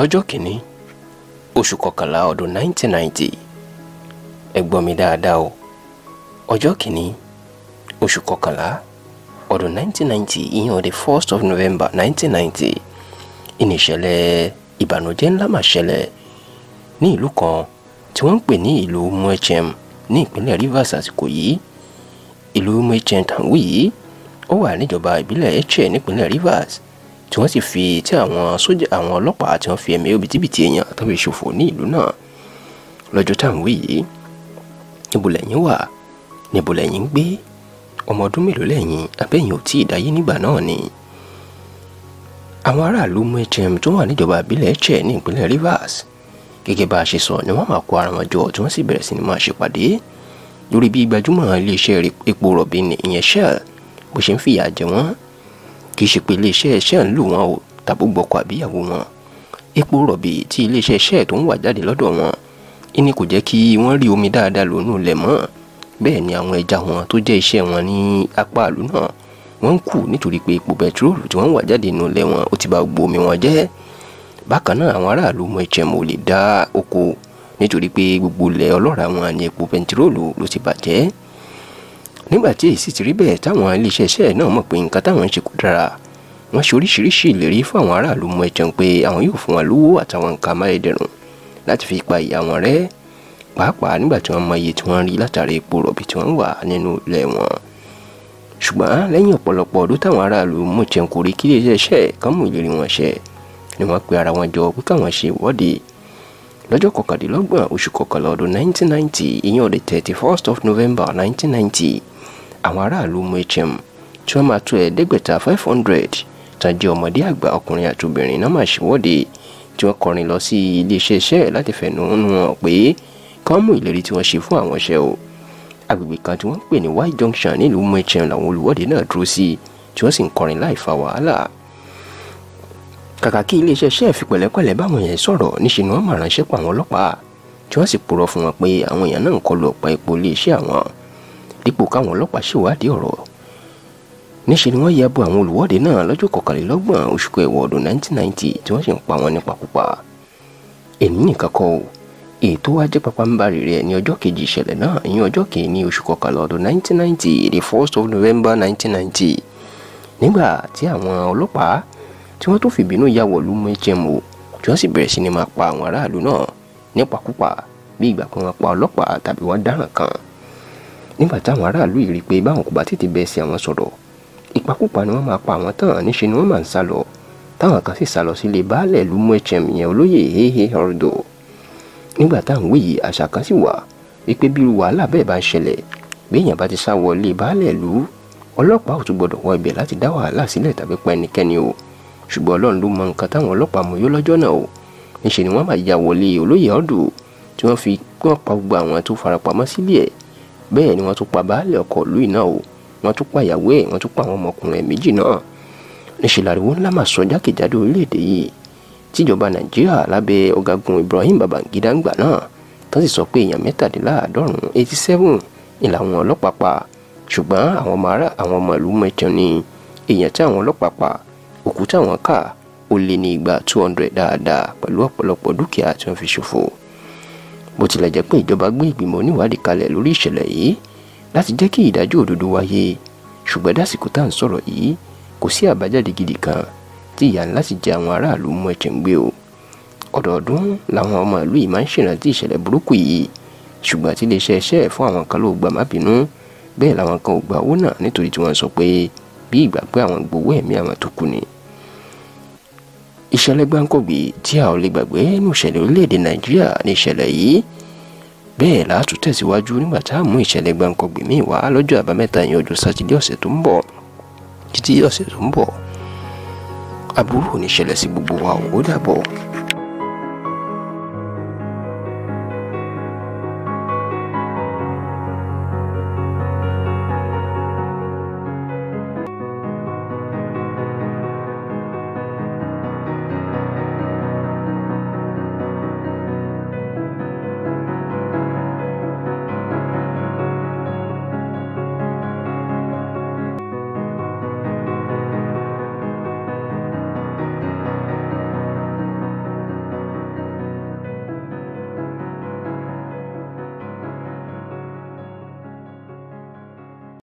lọ́jọ́ kìíní oṣù kọkànlá ọdún 1990 ẹ gbọ́ mi dáadáa o ọjọ́ kìíní oṣù kọkànlá ọdún 1990 ìyẹn the first of November 1990 ìníṣẹ̀lẹ̀ ìbànújẹ́ ńlá mà ṣẹlẹ̀ ní ìlú kan tí wọ́n ń pè ní ìlú Umuechem ní ìpínlẹ̀ Rivers àsìkò yìí ìlú Umuechem tàǹwì yìí ó wà níjọba ìbílẹ̀ Etche nípínlẹ̀ Rivers tí wọ́n sì fi tí àwọn sójà àwọn ọlọ́pàá tí wọ́n fi ẹ̀mí òbítíbitì èèyàn tó fi ṣòfò ní ìlú náà lọ́jọ́ tá à ń wí yìí níbo lẹ́yìn wà níbo lẹ́yìn ń gbé ọmọ ọdún mélòó lẹ́yìn abẹ́yìn ò tí ì dáyé nígbà náà ni àwọn aráàlú mú hm tó wà níjọba ìbílẹ̀ ẹ̀chẹ̀ ní ìpínlẹ̀ Rivers gẹ́gẹ́ bá a ṣe sọ ni wọ́n máa kó ara wọn jọ tí wọ́n sì bẹ̀rẹ̀ sí ni máa ṣèpàdé lórí bí gbajúmọ̀ iléeṣẹ́ epo rọ̀bì ìyẹn Shell bó ṣe ń fìyà jẹ wọ́n kì í ṣe pé iléeṣẹ́ ẹ̀ṣẹ́ ń lù wọ́n o tàbí gbọ́kọ àbíyàwó wọn epo rọ̀bì tí iléeṣẹ́ ẹ̀ṣẹ́ tó ń wà jáde lọ́dọ̀ wọn ìní kò jẹ́ kí wọ́n rí omi dáadáa lò nù lẹ̀ mọ́ bẹ́ẹ̀ ni àwọn ẹja wọn tó jẹ́ iṣẹ́ wọn ní apá àlù náà wọ́n ń kú nítorí pé epo bẹtiróòlù tí wọ́n wà jáde nù lẹ̀ wọn ó ti bà gbogbo omi wọn jẹ́ bákan náà àwọn aráàlú mọ ìjẹ̀mọ̀ ò lè dá oko nítorí pé gbogbo ilẹ̀ ọlọ́ràá wọn ni epo bẹtiróòlù ló ti bàjẹ́ nígbà tí èyí sì ti rí bẹ́ẹ̀ táwọn iléeṣẹ́ iṣẹ́ náà mọ̀ pé nǹkan táwọn ń ṣe kò dára wọ́n ṣe oríṣiríṣi ìlérí fún àwọn aráàlú mọ ẹ̀jọ̀n pé àwọn yóò fún wọn lówó àtàwọn nǹkan amáyédẹrùn láti fi pa ìyà wọn rẹ́ pàápàá nígbà tí wọ́n mọ iye tí wọ́n rí látàrí epo rọ̀bì tí wọ́n wà nínú ilẹ̀ wọn ṣùgbọ́n lẹ́yìn ọ̀pọ̀lọpọ̀ ọdún táwọn aráàlú mọ̀ jẹun kò rí kí iléeṣẹ́ iṣẹ́ kan mú ìlérí wọn ṣẹ 1990 ìyẹn ọ̀dẹ̀ 31st of November 1990 àwọn aráàlú Muichim tí wọ́n máa tó ẹ̀ẹ́dẹ́gbẹ̀ta five hundred tán jẹ́ ọmọdé àgbà ọkùnrin àti obìnrin náà máa ṣèwọ́de tí wọ́n kọrin lọ sí iléeṣẹ́ iṣẹ́ láti fẹ̀hónú hàn pé kí wọ́n mú ìlérí tí wọ́n ṣe fún àwọn iṣẹ́ o agbègbè kan tí wọ́n ń pè ní y junction nílùú Muichim làwọn olùwọ́de náà dúró sí tí wọ́n sì ń kọrin láì fa wàhálà kàkà kí iléeṣẹ́ iṣẹ́ fi pẹ̀lẹ́pẹ̀lẹ́ báwọn èèyàn sọ̀rọ̀ níṣẹ́ ni wọ́n máa ránṣẹ́ pa àwọn ọlọ́pàá tí wọ́n sì purọ́ fún wọn pé àwọn èèyàn náà ń kọlu ọ̀pá epo iléeṣẹ́ àwọn dípò káwọn ọlọ́pàá ṣèwádìí ọ̀rọ̀ níṣe ni wọ́n ya bo àwọn olùwọ́de náà lọ́jọ́ kọkànlélọ́gbọ̀n oṣù kẹwàá ọdún 1990 tí wọ́n sì ń pa wọn nípakúpa èyí nìkan kọ́ o ètò wa jẹ́ papambari rẹ̀ ní ọjọ́ kejì ìṣẹ̀lẹ̀ náà ìyẹn ọjọ́ kìíní oṣù kọkànlá ọdún 1990 the first of November 1990 nígbà tí àwọn ọlọ́pàá tí wọ́n tó fìbínú ya wọ̀lú mẹ́jẹ̀mú tí wọ́n sì bẹ̀rẹ̀ sí ni máa pa àwọn aráàlú náà nípakúpa bí ìgbà pé wọ́n pa ọlọ́pàá tàbí wọ́n dáràn kan nígbà táwọn aráàlú yìí rí i pé báwọn kò bá tètè bẹ́ẹ̀ sí àwọn sọ̀rọ̀ ìpakúpa ni wọ́n máa pa àwọn tán níṣe ni wọ́n máa ń sá lọ táwọn kan sì sá lọ sílé baálẹ̀ ìlú Muechem ìyẹn olóyè hehe Ordo nígbà táwọn wí yìí àṣà kan sì wà wípé bí wàhálà bẹ́ẹ̀ bá ń ṣẹlẹ̀ béèyàn bá ti sá wọlé baálẹ̀ ìlú ọlọ́pàá ò tún gbọdọ̀ wọ ibẹ̀ láti dá wàhálà sílẹ̀ tàbí pa ẹnikẹ́ni o ṣùgbọ́n ọlọ́run ló mọ nǹkan táwọn ọlọ́pàá mọ̀ yó lọ́jọ́ náà o bẹ́ẹ̀ ni wọ́n tún pa baálẹ̀ ọkọ̀ ìlú náà o wọ́n tún pa ìyàwó ẹ̀ wọ́n tún pa àwọn ọmọkùnrin ẹ̀ méjì náà níṣẹ́ làriwo ńlá mà sọ jákèjádò orílẹ̀-èdè yìí tíjọba nàìjíríà lábẹ́ ọ̀gágun ibrahim babangida ń gbà náà tán sì sọ pé èèyàn mẹ́tàdínláàádọ́rùn-ún eighty seven ni làwọn ọlọ́pàá pa ṣùgbọ́n àwọn ọmọ ìlú mẹ́tàn ni èèyàn tí àwọn ọlọ́pàá pa òkú táwọn kà ó lé ní igba two hundred dáadáa pẹ̀lú ọ̀pọ̀lọpọ̀ dúkìá tí wọ́n fi ṣòfò bó tilẹ̀ jẹ́ pé ìjọba gbé ìgbìmọ̀ oníwádìí kalẹ̀ lórí ìṣẹ̀lẹ̀ yìí láti jẹ́ kí ìdájọ́ òdodo wáyé ṣùgbọ́n dásìkò tá à ń sọ̀rọ̀ yìí kò sí àbájáde gidi kan tí ìyà ńlá sì jẹ àwọn aráàlú mú ẹ̀jẹ̀ ń gbé o ọdọọdún làwọn ọmọ ìlú yìí máa ń ṣèrántí ìṣẹ̀lẹ̀ burúkú yìí ṣùgbọ́n àti iléeṣẹ́ iṣẹ́ fún àwọn kan ló gbà má bínú bẹ́ẹ̀ làwọn kan ò gba owó náà nítorí tí wọ́n sọ pé bí ìgbà àwọn gbowó ẹ̀mí àwọn tó kù ni ìṣẹ̀lẹ̀ gbáǹkọ̀gbì tí a ò lè gbàgbé nínú ìṣẹ̀lẹ̀ orílẹ̀-èdè nàìjíríà ní ìṣẹ̀lẹ̀ yìí bẹ́ẹ̀ láàtú tẹ̀síwájú nígbà tá a mú ìṣẹ̀lẹ̀ gbáǹkọ̀gbì míì wá lọ́jọ́ àbámẹ́ta ìyẹn ọjọ́ sátidé ọ̀sẹ̀ tó ń bọ̀ títí ọ̀sẹ̀ tó ń bọ̀ aburú ò ní ṣẹlẹ̀ sí gbogbo wa ò dàbọ̀.